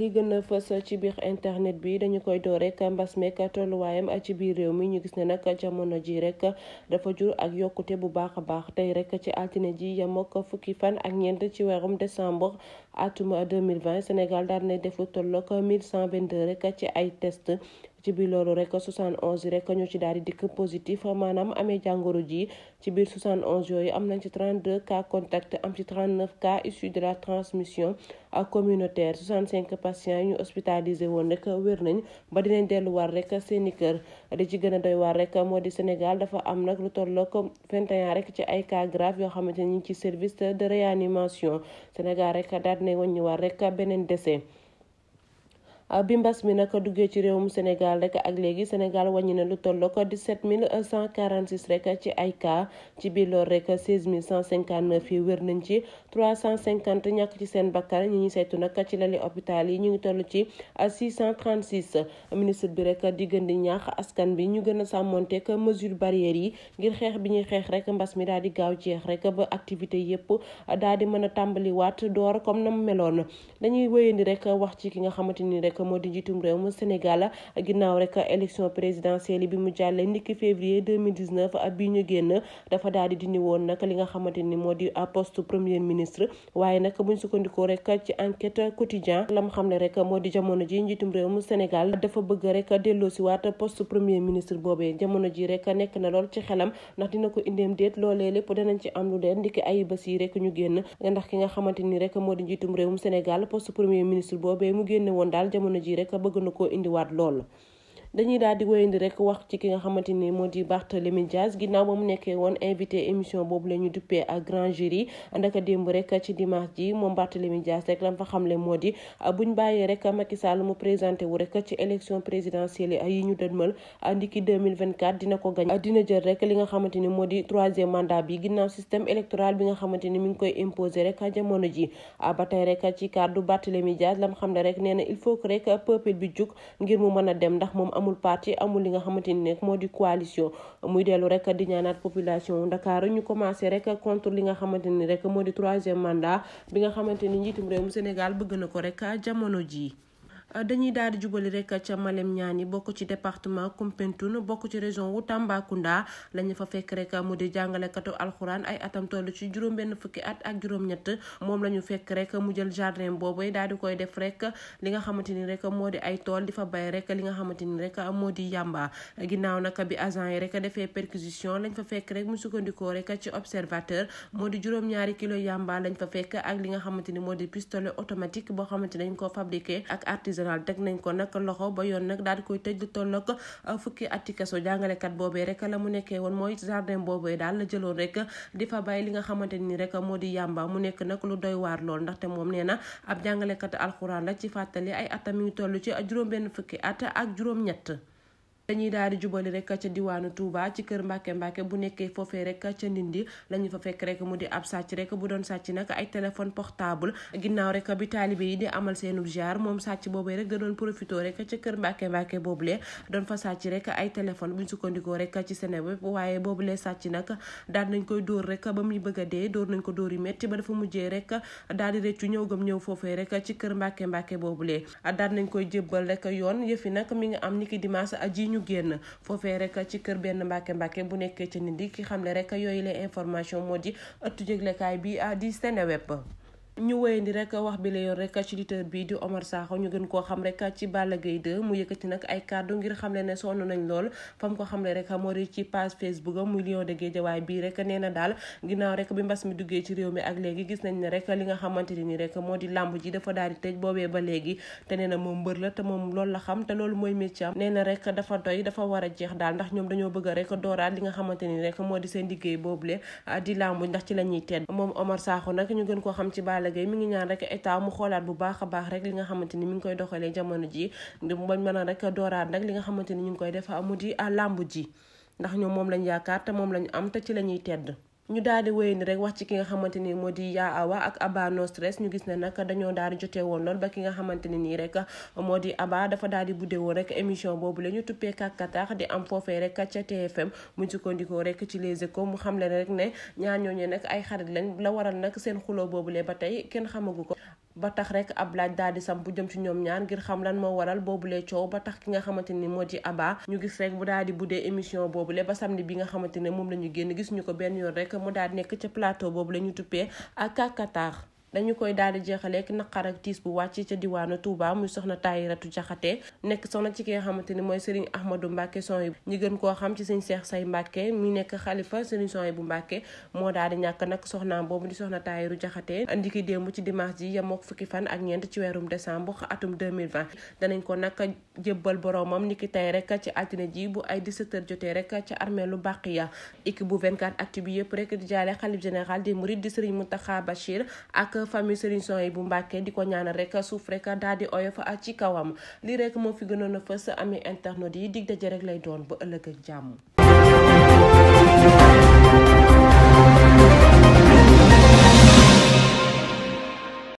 li gën a fës ci biir internet bi dañu koy door rek mbas meek tolluwaayam ak ci biir réew mi ñu gis ne nag jamono ji rek dafa jur ak yokkute bu baax a baax tey rek ci altine ji yamook fukki fan ak ñeent ci weerum décembre atum 2020 Sénégal daal na def tolloog 1122 rek ci ay test ci biir loolu rek 71 rek ñoo ci daal di dikk positif maanaam amee jàngoro ji ci biir 71 yooyu am nañ ci 32 cas contact am ci 39 cas issus de la transmission communautaire 65 patients yi ñu hospitalisé woon rek wér nañ ba dinañ delluwaat rek seen i kër di ci gën a doy waar rek moo di Sénégal dafa am nag lu tollook 21 rek ci ay cas grave yoo xamante ni ñu ngi ci service de réanimation Sénégal rek daal di nañ wàññiwaat rek beneen décès. Ah, bi mbas mi nag duggee ci réewum Sénégal rek ak léegi Sénégal wàññi na lu tolloo ko 17 146 rek ci ay cas ci biir loolu rek 16 159 yi wér nañ ci 350 ñàkk ci seen bakkan ñi ñuy saytu nag ci lali hôpital yi ñu ngi toll ci 636 ministre bi rek di gën di ñaax askan bi ñu gën a sàmmonte que mesure barrière yi ngir xeex bi ñuy xeex rek mbas mi daal di gaaw jeex rek ba activité yépp daal di mën a tàmbaliwaat door comme na mu meloon dañuy wéyandi rek wax ci ki nga xamante moo di njiitum réew mu Sénégal ginnaaw a élection présidentielle bi mu jàllee ndiki février 2019 ab bi ñu génn dafa daal di dindi woon nag li nga xamante ni moo di poste premier ministre boobee jamono ji rek nekk na lool ci xelam ndax dina ko indeem déet loolee lépp danañ ci am lu leen ndiki ay bés ñu génn ndax ki nga xamante ni moo di njiitum réewum Sénégal poste premier ministre boobee mu génne woon daal jamono jamono ji rek bëgg na koo indiwaat lool dañuy daal di wéyandi rek wax ci ki nga xamante ni moo di Barthélémy Dias ginnaaw ba mu nekkee woon invité émission boobu la ñu duppee ak grand a ndaka démb rek ci dimanche ji moom Barthélémy Dias rek lam fa xamle moo di buñ bàyyee rek Macky Sall mu présenté wu rek ci élection présidentielle yi ñu dënmal ndiki 2024 dina ko gañ dina jël rek li nga xamante ni moo di troisième mandat bi ginnaaw système électoral bi nga xamante ni mu ngi koy imposé imposer rek jamono ji ba tey rek ci kàddu Barthélémy la lam xam ne rek nee na il faut que rek peuple bi jug mën a dem ndax moom amul parti amul li nga xamante ni nekk moo di coalition muy dellu rek di ñaanaat population Dakar ñu commencé rek contre li nga xamante ni rek moo di troisième mandat bi nga xamante ni njiitum mu Sénégal bëgg na ko rek jamono jii. Euh, dañuy daal di jubali rek ca Malem Niani bokk ci département Koumpentoum bokk ci région wu Tambacounda lañu fa fekk rek mu di jàngalekatu alxuraan ay atam toll ci juróom-benn fukki at ak juróom moom la ñu fekk rek mu jël jardin boobu daal di koy def rek li nga xamante ni rek moo di ay tool di fa bay rek li nga xamante ni rek moo di yàmba ginnaaw nag bi agent yi rek defee perquisition lañ fa fekk rek mu sukkandikoo rek ci observateur moo di juróom-ñaari kilo yàmbaa lañ fa fekk ak li nga xamante ni moo di pistolet automatique boo xamante dañ ko fabriqué ak artisan général teg nañ ko nag loxo ba yoon nag daal di koy tëj lu toll ak uh, fukki ati kaso jàngalekat boobee rek la mu nekkee woon mooy jardin boobee daal la jëloon rek di fa bàyyi li nga xamante nii rek moo di yàmba mu nekk nag lu doy waar lool te moom nee na ab jàngalekat alxuraan la ci fàttali ay atam yu toll ci juróom benn fukki at ak juróom ñett dañuy daal di jubali rek ca diwaanu Touba ci kër Mbàkke Mbàkke bu nekkee foofee rek ca Ndindi la ñu fa fekk rek mu di ab sàcc rek bu doon sàcc nag ay téléphone portable ginnaaw rek bi taalibe di amal seenub jaar moom sàcc boobee rek da doon profité rek ca kër Mbàkke Mbàkke boobule doon fa sàcc rek ay téléphone buñ sukkandikoo rek ci Sénégal waaye boobule sàcc nag daal nañ koy dóor rek ba muy bëgg a dee dóor nañ ko dóor yu metti dafa mujjee rek daal di réccu ñëw gëm ñëw foofee rek ci kër Mbàkke Mbàkke boobule daal nañ koy jébbal rek yoon yëfi nag mi nga am niki dimanche aji ñu ñu génn foofee rek ci kër benn mbàkke mbàkke bu nekkee ci nit ki xam ne rek yooyu les information moo di ëttu jéglekaay bi ah, di Seneweb ñu wéyandi rek wax bi la yoon rek ci lutteur bi di Omar Sakho ñu gën koo xam rek ci Balla Gaye 2 mu yëkkati nag ay kàddu ngir xamle ne sonn nañ lool fam ko xamle rek moo di ci page Facebook am muy Lion de Guédiawaye bii na daal ginnaaw rek bi mbas mi duggee ne ni rek moo di làmb ji dafa daal di tëj boobee ba léegi te nee na moom mbër la te moom loolu la xam te loolu mooy métier am nee na rek dafa doy dafa war a jeex daal ndax ñoom dañoo bëgg rek dooraat li nga xamante ni rek moo di seen liggéey boobule ah, di làmb ndax la ñuy tedd moom Omar Balla Gaye mi ngi ñaan rek état mu xoolaat bu baax a baax rek li nga xamante ni mi ngi koy doxalee jamono ji di bañ mën a rek dooraat nag li nga xamante ni ñu ngi koy def mu di làmb ji ndax ñoom moom lañu yaakaar te moom lañ am te ci la ñuy tedd ñu daal di wéy ni rek wax ci ki nga xamante ni moo di Ya Awa ak Aba No Stress ñu gis ne nag dañoo daal di jotee woon lool ba ki nga xamante ne nii rek moo di Aba dafa daal di budde woon rek émission boobu la ñu tuppee kàkkataax di am foofee rek ca TFM mu sukkandikoo rek ci Les ko mu xam ne rek ne ñaar ñooñu nag ay xarit lañ la waral nag seen xuloo boobu le ba tey kenn xamagu ko ba tax rek ab laaj daal di sam bu jëm ci ñoom ñaar ngir xam lan moo waral boobu boobulee coow ba tax ki nga xamante ni moo ci Abba ñu gis rek mu daal di buddee boobu boobule ba samedi bi nga xamante ne moom la ñu génn gis ñu ko benn yoon rek mu daal di nekk ca plateau boobu la ñu tuppee ak kakatar dañu koy daal di jeexaleek naqar ak tiis bu wàcc ca diwaanu Touba muy soxna Taayiratu Jaxate nekk soxna ci ki nga xamante ni mooy Serigne Ahmadou Mbacke son yi ñi gën koo xam ci Serigne Cheikh Say Mbacke mi nekk xalifa Serigne yi bu Mbacke moo daal di ñàkk nag soxnaam boobu di soxna Taayiru Jaxate andi ki démb ci dimanche ji yemook fukki fan ak ñeent ci weerum décembre atum 2020 danañ ko nag jébbal boroomam niki tey rek ci altine ji bu ay 17 jotee rek ci armeelu ya équipe bu 24 actu bi yëpp rek di jaale xalif général des Mourides di Serigne Mountakha Bachir ak ak famille Serigne Souhaïbou Mbacké di ko ñaanal rek suuf rek daal di oyof ci kawam lii rek moo fi gënoon a fës ami internet yi dig daje rek lay doon ba ëllëg a jàmm